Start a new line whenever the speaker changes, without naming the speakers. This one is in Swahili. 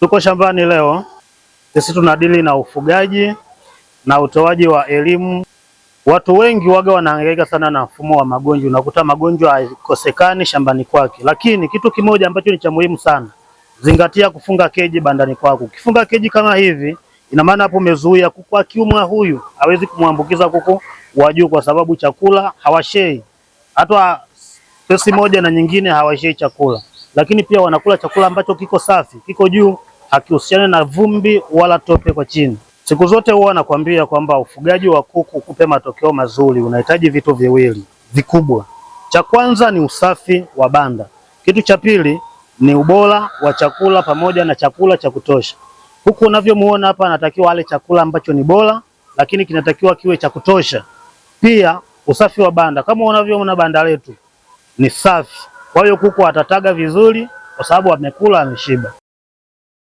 Tuko shambani leo, sisi tunadili na ufugaji na utoaji wa elimu. Watu wengi waga wanahangaika sana na mfumo wa magonjwa, unakuta magonjwa haikosekani shambani kwake, lakini kitu kimoja ambacho ni cha muhimu sana, zingatia kufunga keji bandani kwako. Ukifunga keji kama hivi, ina maana hapo umezuia kuku akiumwa, huyu hawezi kumwambukiza kuku wa juu, kwa sababu chakula hawashei hata pesi moja na nyingine hawashei chakula lakini pia wanakula chakula ambacho kiko safi, kiko juu, hakihusiani na vumbi wala tope kwa chini. Siku zote huwa nakwambia kwamba ufugaji wa kuku kupe matokeo mazuri unahitaji vitu viwili vikubwa. Cha kwanza ni usafi wa banda, kitu cha pili ni ubora wa chakula pamoja na chakula cha kutosha. Huku unavyomuona hapa, anatakiwa ale chakula ambacho ni bora, lakini kinatakiwa kiwe cha kutosha. Pia usafi wa banda, kama unavyoona banda letu ni safi kwa hiyo kuku atataga vizuri, kwa sababu amekula ameshiba.